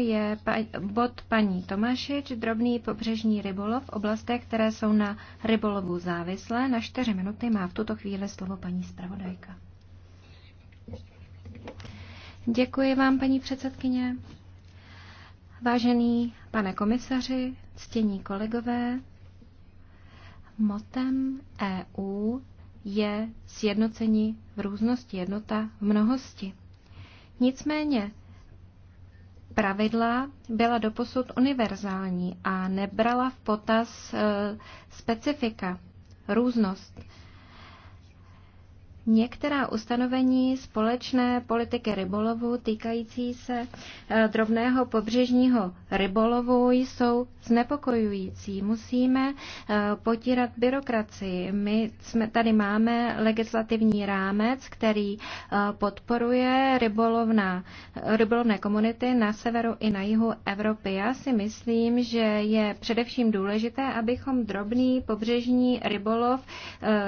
je bod paní Tomášič drobný pobřežní rybolov v oblastech, které jsou na rybolovu závislé. Na čtyři minuty má v tuto chvíli slovo paní zpravodajka. Děkuji vám, paní předsedkyně. Vážený pane komisaři, ctění kolegové, motem EU je sjednocení v různosti, jednota v mnohosti. Nicméně pravidla byla doposud univerzální a nebrala v potaz eh, specifika, různost některá ustanovení společné politiky rybolovu týkající se eh, drobného pobřežního rybolovu jsou znepokojující. Musíme eh, potírat byrokracii. My jsme, tady máme legislativní rámec, který eh, podporuje rybolovná, rybolovné komunity na severu i na jihu Evropy. Já si myslím, že je především důležité, abychom drobný pobřežní rybolov,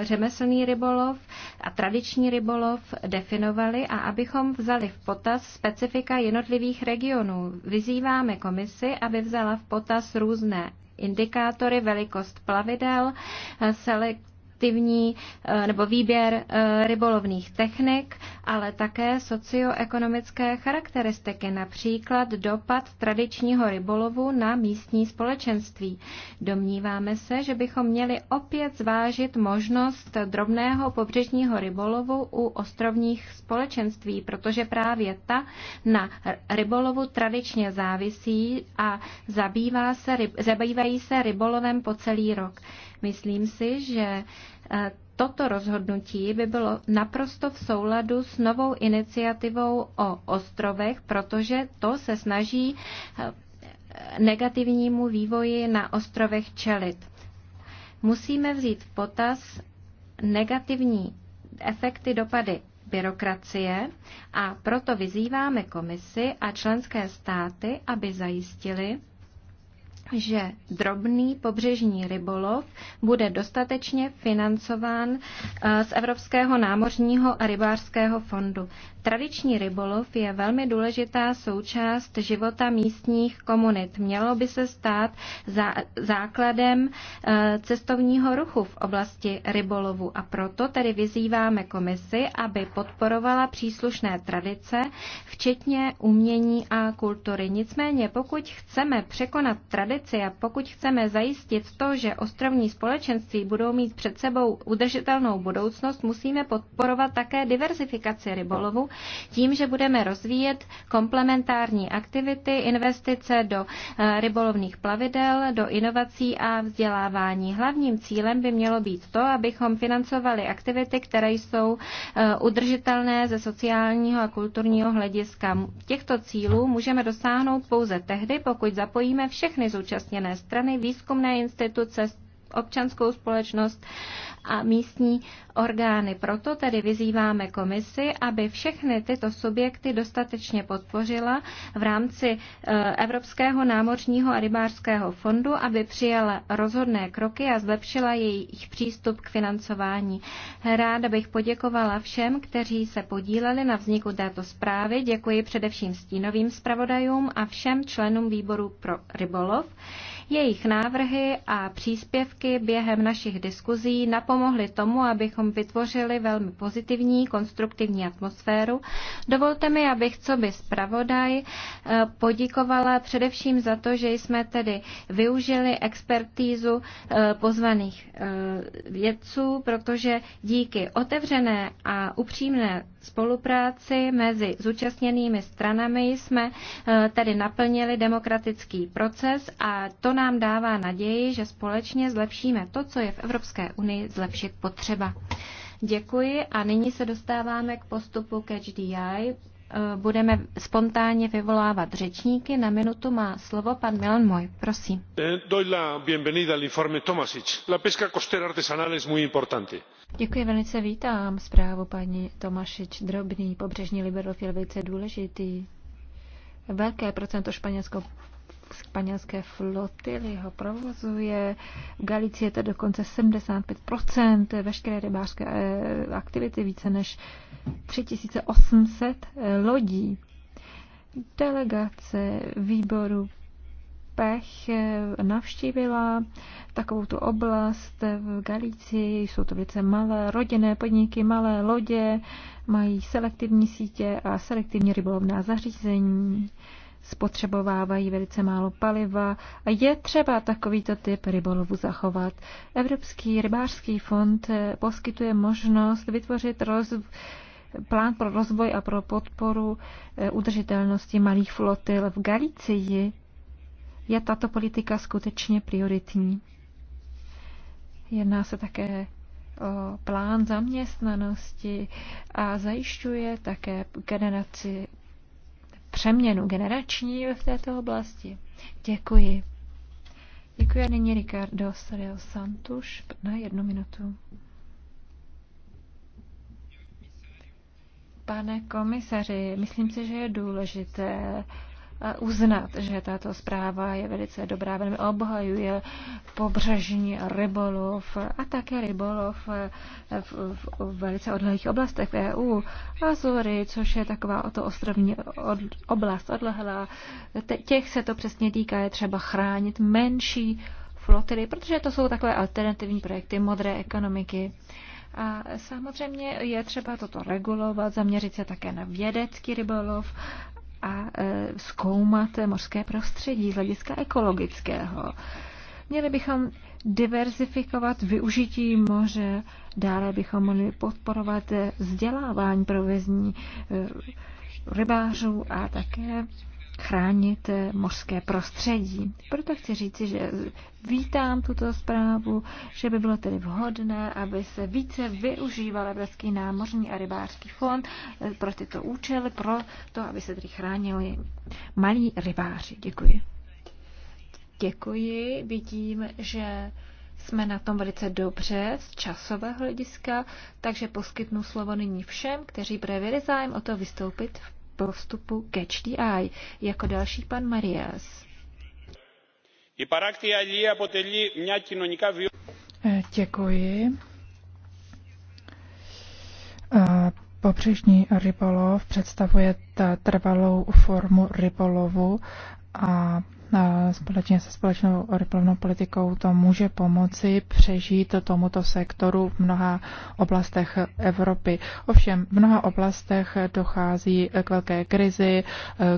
řemeslný rybolov a tradiční rybolov definovali a abychom vzali v potaz specifika jednotlivých regionů. Vyzýváme komisi, aby vzala v potaz různé indikátory, velikost plavidel, selekt aktivní eh, nebo výběr eh, rybolovných technik, ale také socioekonomické charakteristiky, například dopad tradičního rybolovu na místní společenství. Domníváme se, že bychom měli opět zvážit možnost drobného pobřežního rybolovu u ostrovních společenství, protože právě ta na rybolovu tradičně závisí a zabývá se, zabývají se rybolovem po celý rok. Myslím si, že Eh, toto rozhodnutí by bylo naprosto v souladu s novou iniciativou o ostrovech, protože to se snaží eh, negativnímu vývoji na ostrovech čelit. Musíme vzít v potaz negativní efekty dopady byrokracie a proto vyzýváme komisi a členské státy, aby zajistili, že drobný pobřežní rybolov bude dostatečně financován eh, z Evropského námořního a rybářského fondu. Tradiční rybolov je velmi důležitá součást života místních komunit. Mělo by se stát za základem eh, cestovního ruchu v oblasti rybolovu a proto tedy vyzýváme komisi, aby podporovala příslušné tradice, včetně umění a kultury. Nicméně pokud chceme překonat tradice, věci a pokud chceme zajistit to, že ostrovní společenství budou mít před sebou udržitelnou budoucnost, musíme podporovat také diversifikaci rybolovu tím, že budeme rozvíjet komplementární aktivity, investice do eh, rybolovných plavidel, do inovací a vzdělávání. Hlavním cílem by mělo být to, abychom financovali aktivity, které jsou eh, udržitelné ze sociálního a kulturního hlediska. Těchto cílů můžeme dosáhnout pouze tehdy, pokud zapojíme všechny zúčastněné zúčastněné strany, výzkumné instituce, občanskou společnost a místní orgány. Proto tedy vyzýváme komisi, aby všechny tyto subjekty dostatečně podpořila v rámci e, Evropského námořního a rybářského fondu, aby přijala rozhodné kroky a zlepšila jejich přístup k financování. Ráda bych poděkovala všem, kteří se podíleli na vzniku této zprávy. Děkuji především stínovým zpravodajům a všem členům výboru pro rybolov. Jejich návrhy a příspěvky během našich diskuzí napomohly tomu, abychom vytvořili velmi pozitivní, konstruktivní atmosféru. Dovolte mi, abych co by zpravodaj eh, poděkovala především za to, že jsme tedy využili expertízu eh, pozvaných eh, vědců, protože díky otevřené a upřímné spolupráci mezi zúčastněnými stranami jsme tedy naplnili demokratický proces a to nám dává naději, že společně zlepšíme to, co je v Evropské unii zlepšit potřeba. Děkuji a nyní se dostáváme k postupu Catch eh, Budeme spontánně vyvolávat řečníky. Na minutu má slovo pan Milan Moj. Prosím. Eh, doy la bienvenida al informe Tomasic. La pesca costera artesanal es muy importante. Děkuji, velice vítám zprávu paní Tomašič. Drobný pobřežní liberofil, je velice důležitý. Velké procento španělsko španělské flotily ho provozuje. V Galicii je to dokonce 75% veškeré rybářské eh, aktivity, více než 3800 eh, lodí. Delegace výboru Pech eh, navštívila takovou tu oblast v Galicii. Jsou to věce malé rodinné podniky, malé lodě, mají selektivní sítě a selektivní rybolovná zařízení spotřebovávají velice málo paliva a je třeba takovýto typ rybolovu zachovat. Evropský rybářský fond eh, poskytuje možnost vytvořit roz plán pro rozvoj a pro podporu eh, udržitelnosti malých flotil v Galicii je tato politika skutečně prioritní. Jedná se také o plán zaměstnanosti a zajišťuje také generaci přeměnu generační v této oblasti. Děkuji. Děkuji a nyní Ricardo Soreo Santuš na jednu minutu. Pane komisaři, myslím si, že je důležité uznat, že tato zpráva je velice dobrá, velmi obhajuje pobřežní rybolov a také rybolov v, v, v velice odlehlých oblastech v EU. Azory, což je taková o to ostrovní od, oblast odlehlá, těch se to přesně týká, je třeba chránit menší flotily, protože to jsou takové alternativní projekty modré ekonomiky. A samozřejmě je třeba toto regulovat, zaměřit se také na vědecký rybolov a e, zkoumat mořské prostředí z hlediska ekologického. Měli bychom diverzifikovat využití moře, dále bychom mohli podporovat e, vzdělávání provizní e, rybářů a také chránit mořské prostředí. Proto chci říci, že vítám tuto zprávu, že by bylo tedy vhodné, aby se více využíval Evropský námořní a rybářský fond eh, pro tyto účely, pro to, aby se tedy chránili malí rybáři. Děkuji. Děkuji. Vidím, že jsme na tom velice dobře z časového hlediska, takže poskytnu slovo nyní všem, kteří projevili zájem o to vystoupit v postupu Catch the Eye. Jako další pan Marias. Děkuji. Pobřežní rybolov představuje trvalou formu rybolovu a společně se společnou ryplovnou politikou to může pomoci přežít tomuto sektoru v mnoha oblastech Evropy. Ovšem, v mnoha oblastech dochází k velké krizi,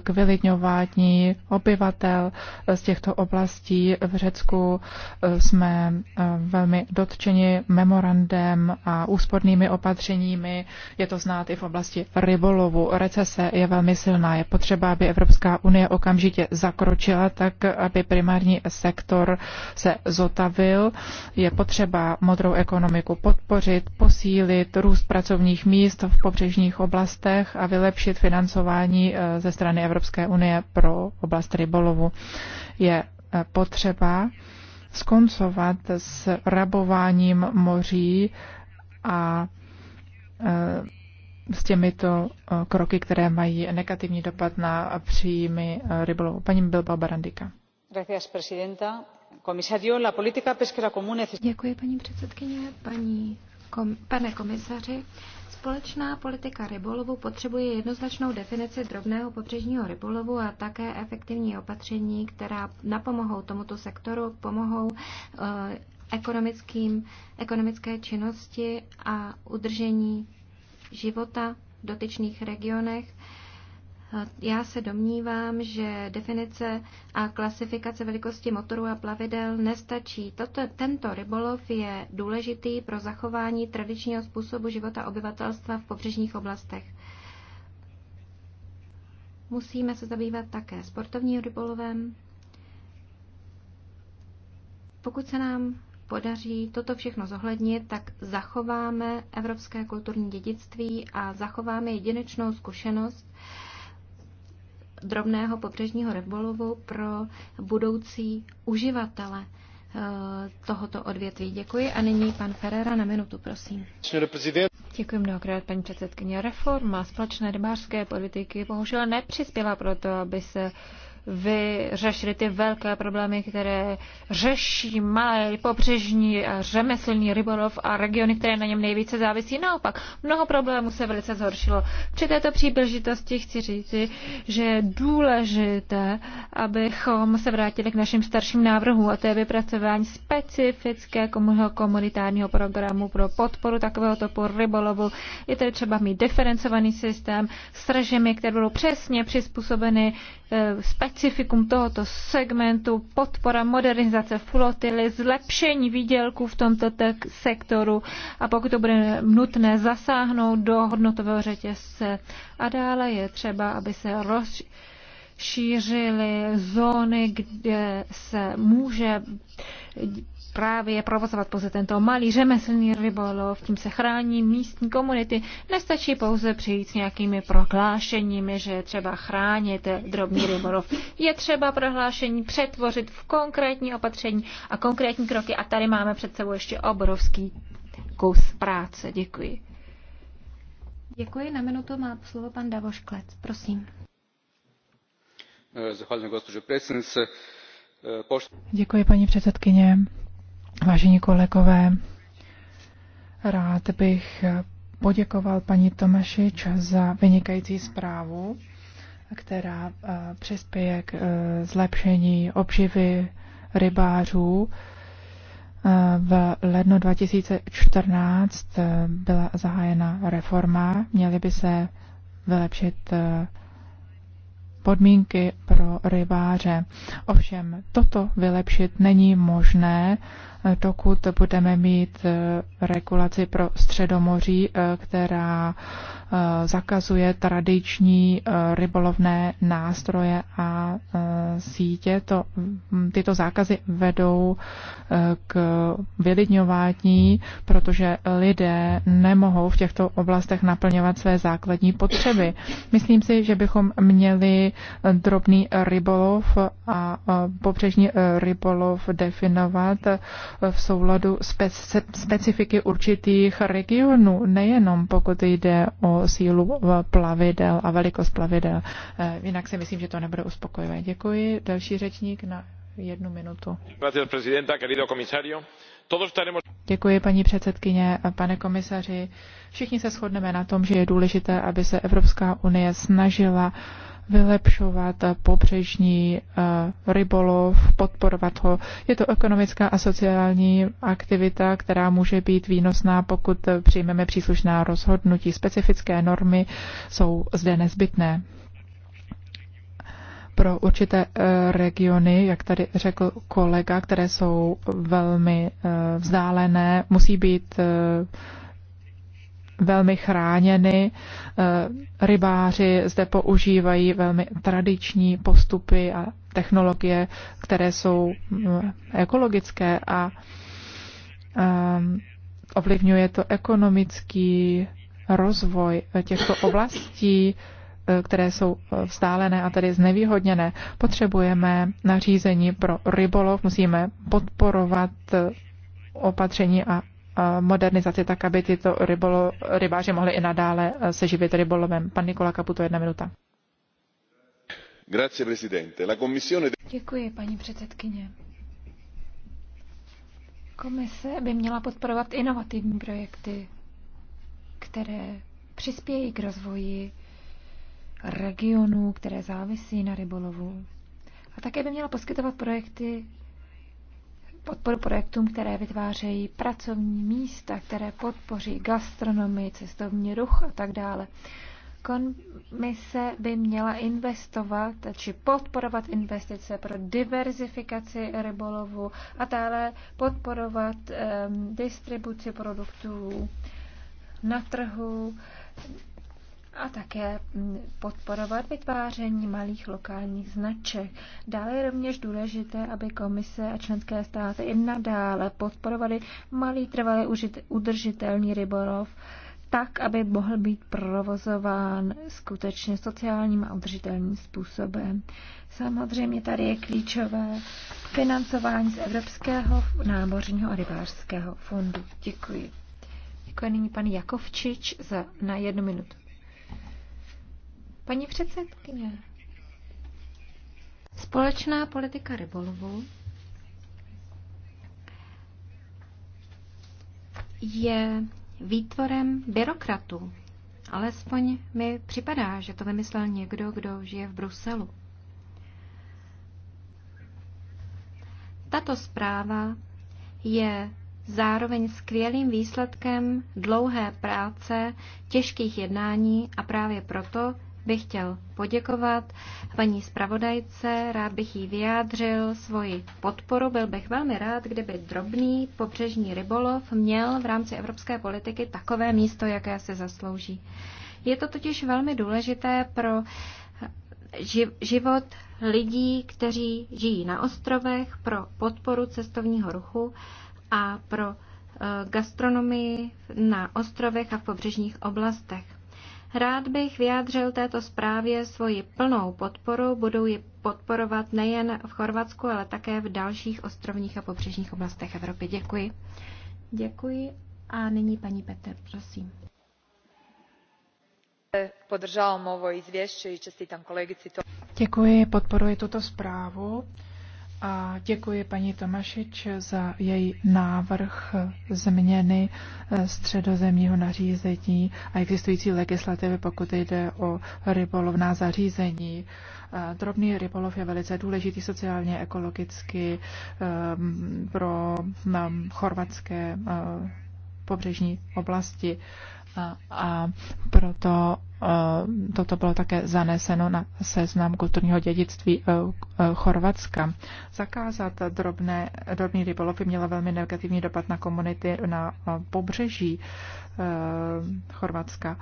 k vylidňování obyvatel z těchto oblastí. V Řecku eh, jsme eh, velmi dotčeni memorandem a úspornými opatřeními. Je to znát i v oblasti rybolovu. Recese je velmi silná. Je potřeba, aby Evropská unie okamžitě zakročila tak, tak, aby primární sektor se zotavil. Je potřeba modrou ekonomiku podpořit, posílit růst pracovních míst v pobřežních oblastech a vylepšit financování eh, ze strany Evropské unie pro oblast rybolovu. Je eh, potřeba skoncovat s rabováním moří a eh, s těmito eh, kroky, které mají negativní dopad na příjmy eh, rybolovu. Paní Bilba Barandika. Děkuji, paní předsedkyně, paní kom, pane komisaři. Společná politika rybolovu potřebuje jednoznačnou definici drobného pobřežního rybolovu a také efektivní opatření, která napomohou tomuto sektoru, pomohou eh, ekonomickým, ekonomické činnosti a udržení života v dotyčných regionech. Já se domnívám, že definice a klasifikace velikosti motorů a plavidel nestačí. Toto, tento rybolov je důležitý pro zachování tradičního způsobu života obyvatelstva v pobřežních oblastech. Musíme se zabývat také sportovním rybolovem. Pokud se nám podaří toto všechno zohlednit, tak zachováme evropské kulturní dědictví a zachováme jedinečnou zkušenost drobného pobřežního rybolovu pro budoucí uživatele eh, tohoto odvětví. Děkuji a nyní pan Ferrera na minutu, prosím. Děkuji mnohokrát, paní předsedkyně. Reforma společné rybářské politiky bohužel nepřispěla proto, aby se vyřešili ty velké problémy, které řeší malé pobřežní a řemeslní rybolov a regiony, které na něm nejvíce závisí. Naopak, mnoho problémů se velice zhoršilo. Při této příležitosti chci říci, že je důležité, abychom se vrátili k našim starším návrhům, a to je vypracování specifické komunitárního programu pro podporu takového typu rybolovu. Je tedy třeba mít diferencovaný systém s režimy, které budou přesně přizpůsobeny eh, specifickým specifikum tohoto segmentu, podpora modernizace flotily, zlepšení výdělků v tomto sektoru a pokud to bude nutné zasáhnout do hodnotového řetězce. A dále je třeba, aby se rozšířily zóny, kde se může právě provozovat pouze tento malý řemeslný rybolov, tím se chrání místní komunity. Nestačí pouze přijít s nějakými prohlášeními, že je třeba chránit drobný rybolov. Je třeba prohlášení přetvořit v konkrétní opatření a konkrétní kroky a tady máme před sebou ještě obrovský kus práce. Děkuji. Děkuji. Na minutu má slovo pan Davoš Klec. Prosím. Děkuji, paní předsedkyně Vážení kolegové, rád bych poděkoval paní Tomašič za vynikající zprávu, která eh, přispěje k eh, zlepšení obživy rybářů. Eh, v lednu 2014 byla zahájena reforma, měly by se vylepšit podmínky pro rybáře. Ovšem, toto vylepšit není možné, dokud budeme mít eh, regulaci pro středomoří, eh, která eh, zakazuje tradiční rybolovné nástroje a sítě. To, mm, tyto zákazy vedou k vylidňování, protože lidé nemohou v těchto oblastech naplňovat své základní potřeby. Myslím si, že bychom měli drobný rybolov a pobřežní rybolov definovat v souladu specifiky určitých regionů, nejenom pokud jde o sílu plavidel a velikost plavidel. Eh, jinak si myslím, že to nebude uspokojivé. Děkuji. Další řečník na jednu minutu. Děkuji, paní předsedkyně a pane komisaři. Všichni se shodneme na tom, že je důležité, aby se Evropská unie snažila vylepšovat pobřežní eh, rybolov, podporovat ho. Je to ekonomická a sociální aktivita, která může být výnosná, pokud přijmeme příslušná rozhodnutí. Specifické normy jsou zde nezbytné pro určité eh, regiony, jak tady řekl kolega, které jsou velmi eh, vzdálené, musí být velmi chráněny. Eh, rybáři zde používají velmi tradiční postupy a technologie, které jsou eh, ekologické a eh, ovlivňuje to ekonomický rozvoj těchto oblastí, které jsou vzdálené a tedy znevýhodněné. Potřebujeme nařízení pro rybolov, musíme podporovat opatření a modernizaci tak, aby tyto rybolo, rybáři mohli i nadále eh, se živit rybolovem. Pan Nikola Kaputo, jedna minuta. Děkuji, paní předsedkyně. Komise by měla podporovat inovativní projekty, které přispějí k rozvoji regionů, které závisí na rybolovu. A také by měla poskytovat projekty podporu projektům, které vytvářejí pracovní místa, které podpoří gastronomii, cestovní ruch a tak dále. Komise by měla investovat či podporovat investice pro diverzifikaci rybolovu a dále podporovat um, distribuci produktů na trhu, a také mm, podporovat vytváření malých lokálních značek. Dále je rovněž důležité, aby komise a členské státy i nadále podporovaly malý trvalý udržitelný rybolov, tak, aby mohl být provozován skutečně sociálním a udržitelným způsobem. Samozřejmě tady je klíčové financování z Evropského námořního a rybářského fondu. Děkuji. Děkuji nyní pan Jakovčič za na jednu minutu. Paní předsedkyně, společná politika rybolovu je výtvorem byrokratů. Alespoň mi připadá, že to vymyslel někdo, kdo žije v Bruselu. Tato zpráva je zároveň skvělým výsledkem dlouhé práce, těžkých jednání a právě proto bych chtěl poděkovat paní zpravodajce, rád bych jí vyjádřil svoji podporu. Byl bych velmi rád, kdyby drobný pobřežní rybolov měl v rámci evropské politiky takové místo, jaké se zaslouží. Je to totiž velmi důležité pro život lidí, kteří žijí na ostrovech, pro podporu cestovního ruchu a pro eh, gastronomii na ostrovech a v pobřežních oblastech. Rád bych vyjádřil této zprávě svoji plnou podporu, budu ji podporovat nejen v Chorvatsku, ale také v dalších ostrovních a pobřežních oblastech Evropy. Děkuji. Děkuji a nyní paní Petr, prosím. Podržávám ovo izvješće i čestitam kolegici. Děkuji, podporuji tuto zprávu. A děkuji paní Tomašič za její návrh změny eh, středozemního nařízení a existující legislativy, pokud jde o rybolovná zařízení. Eh, drobný rybolov je velice důležitý sociálně, ekologicky ehm, pro ehm, chorvatské eh, pobřežní oblasti a proto toto bylo také zaneseno na seznam kulturního dědictví e, e, Chorvatska. Zakázat drobné, drobný rybolov by měla velmi negativní dopad na komunity na e, pobřeží Chorvatska.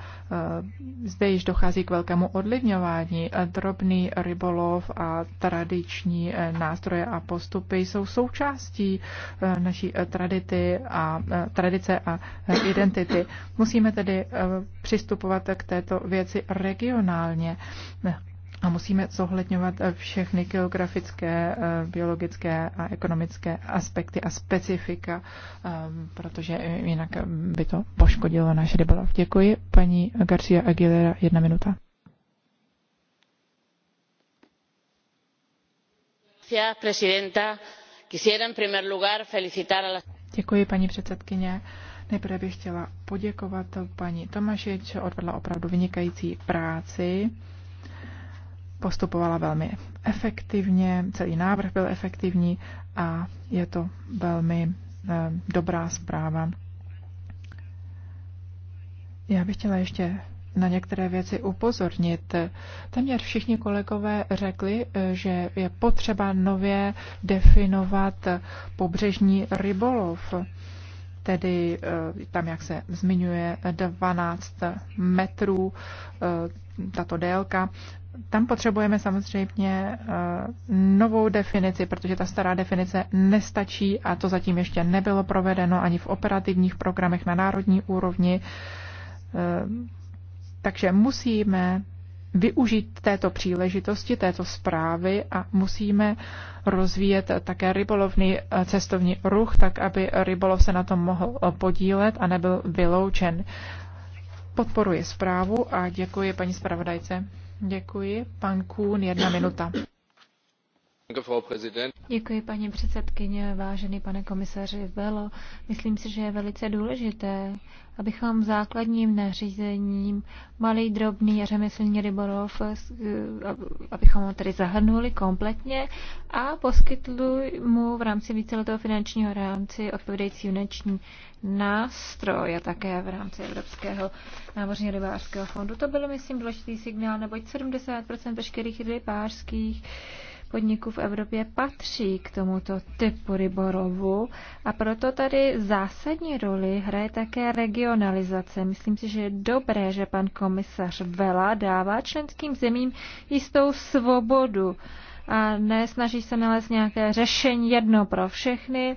Zde již dochází k velkému odlivňování. Drobný rybolov a tradiční nástroje a postupy jsou součástí naší tradity a, tradice a identity. Musíme tedy přistupovat k této věci regionálně a musíme zohledňovat všechny geografické, eh, biologické a ekonomické aspekty a specifika, eh, protože jinak by to poškodilo náš rybolov. Děkuji. Paní Garcia Aguilera, jedna minuta. Děkuji, paní předsedkyně. Nejprve bych chtěla poděkovat paní že odvedla opravdu vynikající práci, postupovala velmi efektivně, celý návrh byl efektivní a je to velmi eh, dobrá zpráva. Já bych chtěla ještě na některé věci upozornit. Téměř všichni kolegové řekli, že je potřeba nově definovat pobřežní rybolov tedy eh, tam, jak se zmiňuje, 12 metrů eh, tato délka. Tam potřebujeme samozřejmě eh, novou definici, protože ta stará definice nestačí a to zatím ještě nebylo provedeno ani v operativních programech na národní úrovni. Takže musíme využít této příležitosti, této zprávy a musíme rozvíjet také rybolovný eh, cestovní ruch, tak aby rybolov se na tom mohl eh, podílet a nebyl vyloučen. Podporuji zprávu a děkuji paní zpravodajce. Děkuji. Pan Kůn, jedna minuta. Děkuji, paní předsedkyně, vážený pane komisaři Velo. Myslím si, že je velice důležité, abychom základním nařízením malý, drobný a řemeslní rybolov, eh, abychom ho tedy zahrnuli kompletně a poskytli mu v rámci víceletého finančního rámci odpovědající uneční nástroj a také v rámci Evropského námořního rybářského fondu. To byl, myslím, důležitý signál, neboť 70% veškerých rybářských podniků v Evropě patří k tomuto typu ryborovu a proto tady zásadní roli hraje také regionalizace. Myslím si, že je dobré, že pan komisař Vela dává členským zemím jistou svobodu a nesnaží se nalézt nějaké řešení jedno pro všechny,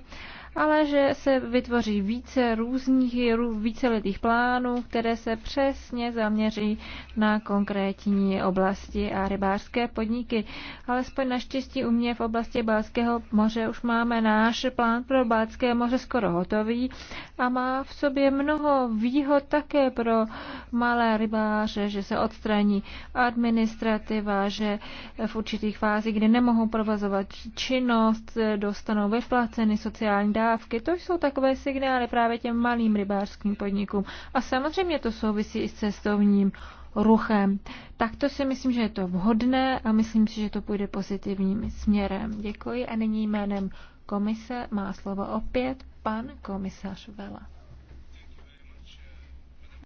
ale že se vytvoří více různých, víceletých plánů, které se přesně zaměří na konkrétní oblasti a rybářské podniky. Alespoň naštěstí u mě v oblasti Balského moře už máme náš plán pro Balské moře skoro hotový a má v sobě mnoho výhod také pro malé rybáře, že se odstraní administrativa, že v určitých fázích, kdy nemohou provozovat činnost, dostanou vyplaceny sociální dávky, dodávky. To jsou takové signály právě těm malým rybářským podnikům. A samozřejmě to souvisí i s cestovním ruchem. Tak to si myslím, že je to vhodné a myslím si, že to půjde pozitivním směrem. Děkuji a nyní jménem komise má slovo opět pan komisař Vela.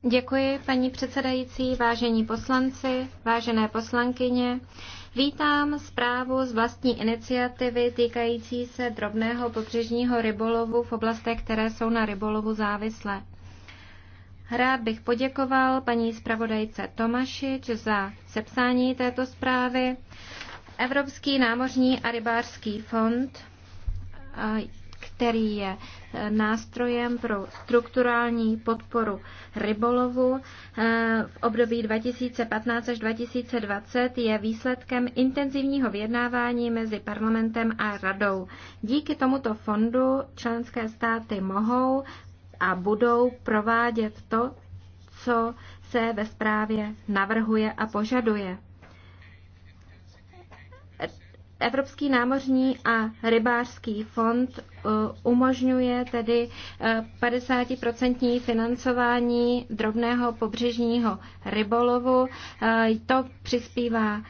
Děkuji, paní předsedající, vážení poslanci, vážené poslankyně. Vítám zprávu z vlastní iniciativy týkající se drobného pobřežního rybolovu v oblastech, které jsou na rybolovu závislé. Rád bych poděkoval paní zpravodajce Tomašič za sepsání této zprávy. Evropský námořní a rybářský fond který je eh, nástrojem pro strukturální podporu rybolovu eh, v období 2015 až 2020 je výsledkem intenzivního vyjednávání mezi parlamentem a radou. Díky tomuto fondu členské státy mohou a budou provádět to, co se ve zprávě navrhuje a požaduje. Evropský námořní a rybářský fond Eh, umožňuje tedy 50% eh, financování drobného pobřežního rybolovu. Eh, to přispívá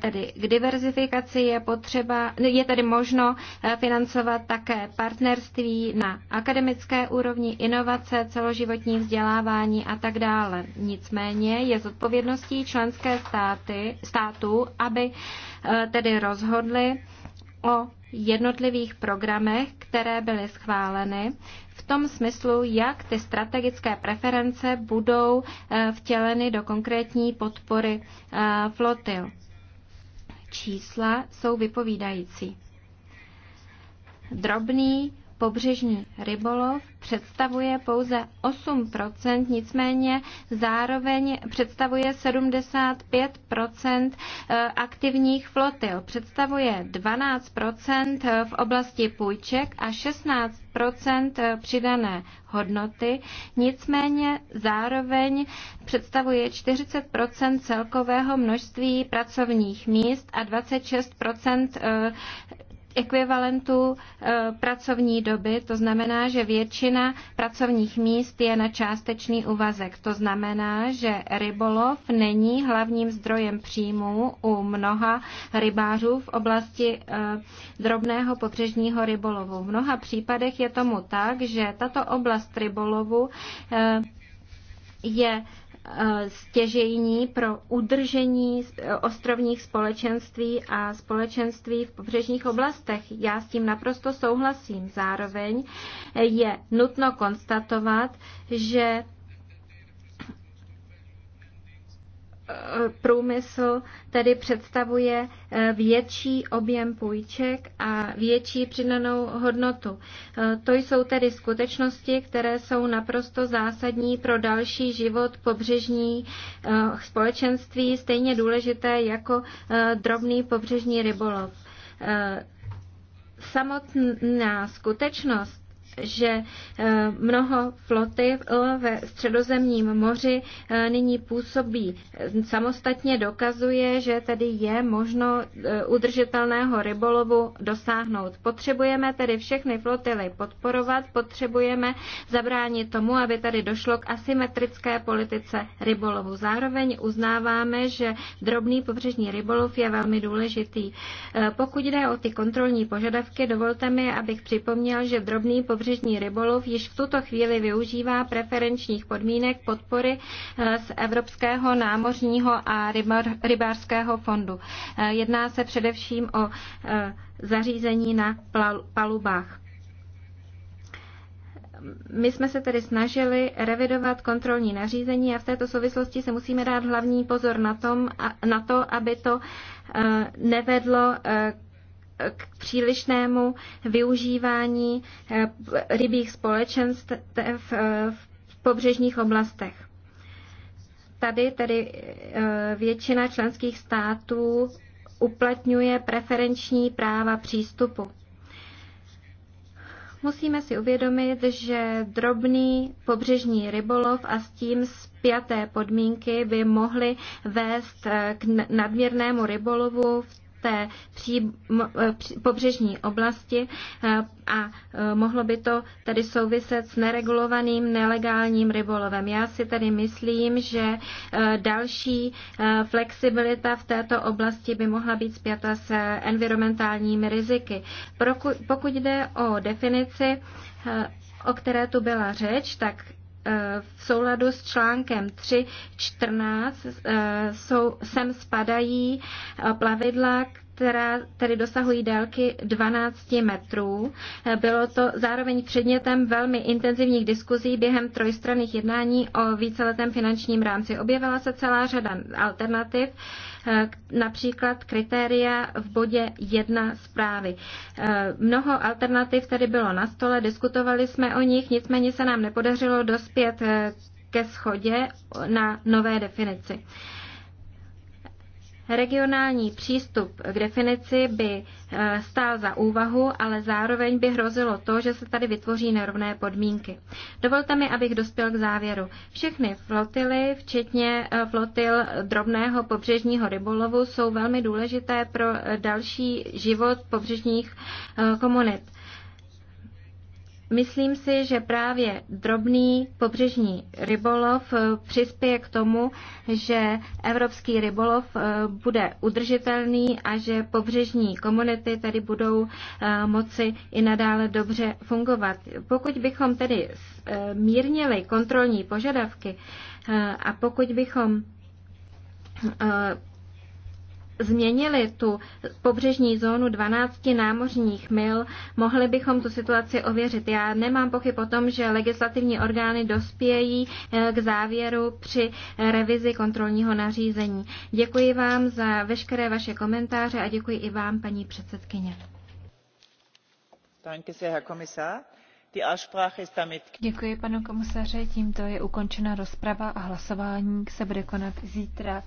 tedy k diverzifikaci. Je, potřeba, je tedy možno financovat také partnerství na akademické úrovni, inovace, celoživotní vzdělávání a tak dále. Nicméně je zodpovědností členské státy, států, aby tedy rozhodly, o jednotlivých programech, které byly schváleny, v tom smyslu, jak ty strategické preference budou eh, vtěleny do konkrétní podpory eh, flotil. Čísla jsou vypovídající. Drobný pobřežní rybolov představuje pouze 8 nicméně zároveň představuje 75 eh, aktivních flotil, představuje 12 eh, v oblasti půjček a 16 eh, přidané hodnoty, nicméně zároveň představuje 40 celkového množství pracovních míst a 26 ekvivalentu eh, pracovní doby, to znamená, že většina pracovních míst je na částečný úvazek. To znamená, že rybolov není hlavním zdrojem příjmů u mnoha rybářů v oblasti eh, drobného pobřežního rybolovu. V mnoha případech je tomu tak, že tato oblast rybolovu eh, je stěžejní pro udržení ostrovních společenství a společenství v pobřežních oblastech. Já s tím naprosto souhlasím. Zároveň je nutno konstatovat, že průmysl tedy představuje eh, větší objem půjček a větší přidanou hodnotu. Eh, to jsou tedy skutečnosti, které jsou naprosto zásadní pro další život pobřežní eh, společenství, stejně důležité jako drobný pobřežní rybolov. Samotná skutečnost, že eh, mnoho floty ve středozemním moři eh, nyní působí eh, samostatně, dokazuje, že tedy je možno udržitelného rybolovu dosáhnout. Potřebujeme tedy všechny flotily podporovat, potřebujeme zabránit tomu, aby tady došlo k asymetrické politice rybolovu. Zároveň uznáváme, že drobný pobřežní rybolov je velmi důležitý. Pokud jde o ty kontrolní požadavky, dovolte mi, abych připomněl, že drobný pobřežní pobřežní rybolov již v tuto chvíli využívá preferenčních podmínek podpory eh, z Evropského námořního a rybářského fondu. Eh, jedná se především o eh, zařízení na palubách. My jsme se tedy snažili revidovat kontrolní nařízení a v této souvislosti se musíme dát hlavní pozor na, tom, na to, aby to nevedlo k přílišnému využívání eh, rybích společenstv eh, v pobřežních oblastech. Tady tedy eh, většina členských států uplatňuje preferenční práva přístupu. Musíme si uvědomit, že drobný pobřežní rybolov a s tím spjaté podmínky by mohly vést k nadměrnému rybolovu v té pří, e, pobřežní oblasti e, a e, mohlo by to tedy souviset s neregulovaným nelegálním rybolovem. Já si tedy myslím, že další flexibilita v této oblasti by mohla být zpěta s environmentálními riziky. Pokud jde o definici, o které tu byla řeč, tak Eh, v souladu s článkem 3.14 eh, sem spadají eh, plavidla, která tedy dosahují délky 12 metrů. Bylo to zároveň předmětem velmi intenzivních diskuzí během trojstranných jednání o víceletém finančním rámci. Objevila se celá řada alternativ, například kritéria v bodě 1 zprávy. Mnoho alternativ tady bylo na stole, diskutovali jsme o nich, nicméně se nám nepodařilo dospět ke schodě na nové definici. Regionální přístup k definici by eh, stál za úvahu, ale zároveň by hrozilo to, že se tady vytvoří nerovné podmínky. Dovolte mi, abych dospěl k závěru. Všechny flotily, včetně eh, flotil drobného pobřežního rybolovu, jsou velmi důležité pro eh, další život pobřežních komunit. Myslím si, že právě drobný pobřežní rybolov eh, přispěje k tomu, že evropský rybolov eh, bude udržitelný a že pobřežní komunity tady budou eh, moci i nadále dobře fungovat. Pokud bychom tedy mírnili kontrolní požadavky a pokud bychom změnili tu pobřežní zónu 12 námořních mil, mohli bychom tu situaci ověřit. Já nemám pochyb o tom, že legislativní orgány dospějí eh, k závěru při eh, revizi kontrolního nařízení. Děkuji vám za veškeré vaše komentáře a děkuji i vám, paní předsedkyně. Děkuji panu komisaři, tímto je ukončena rozprava a hlasování se bude konat zítra.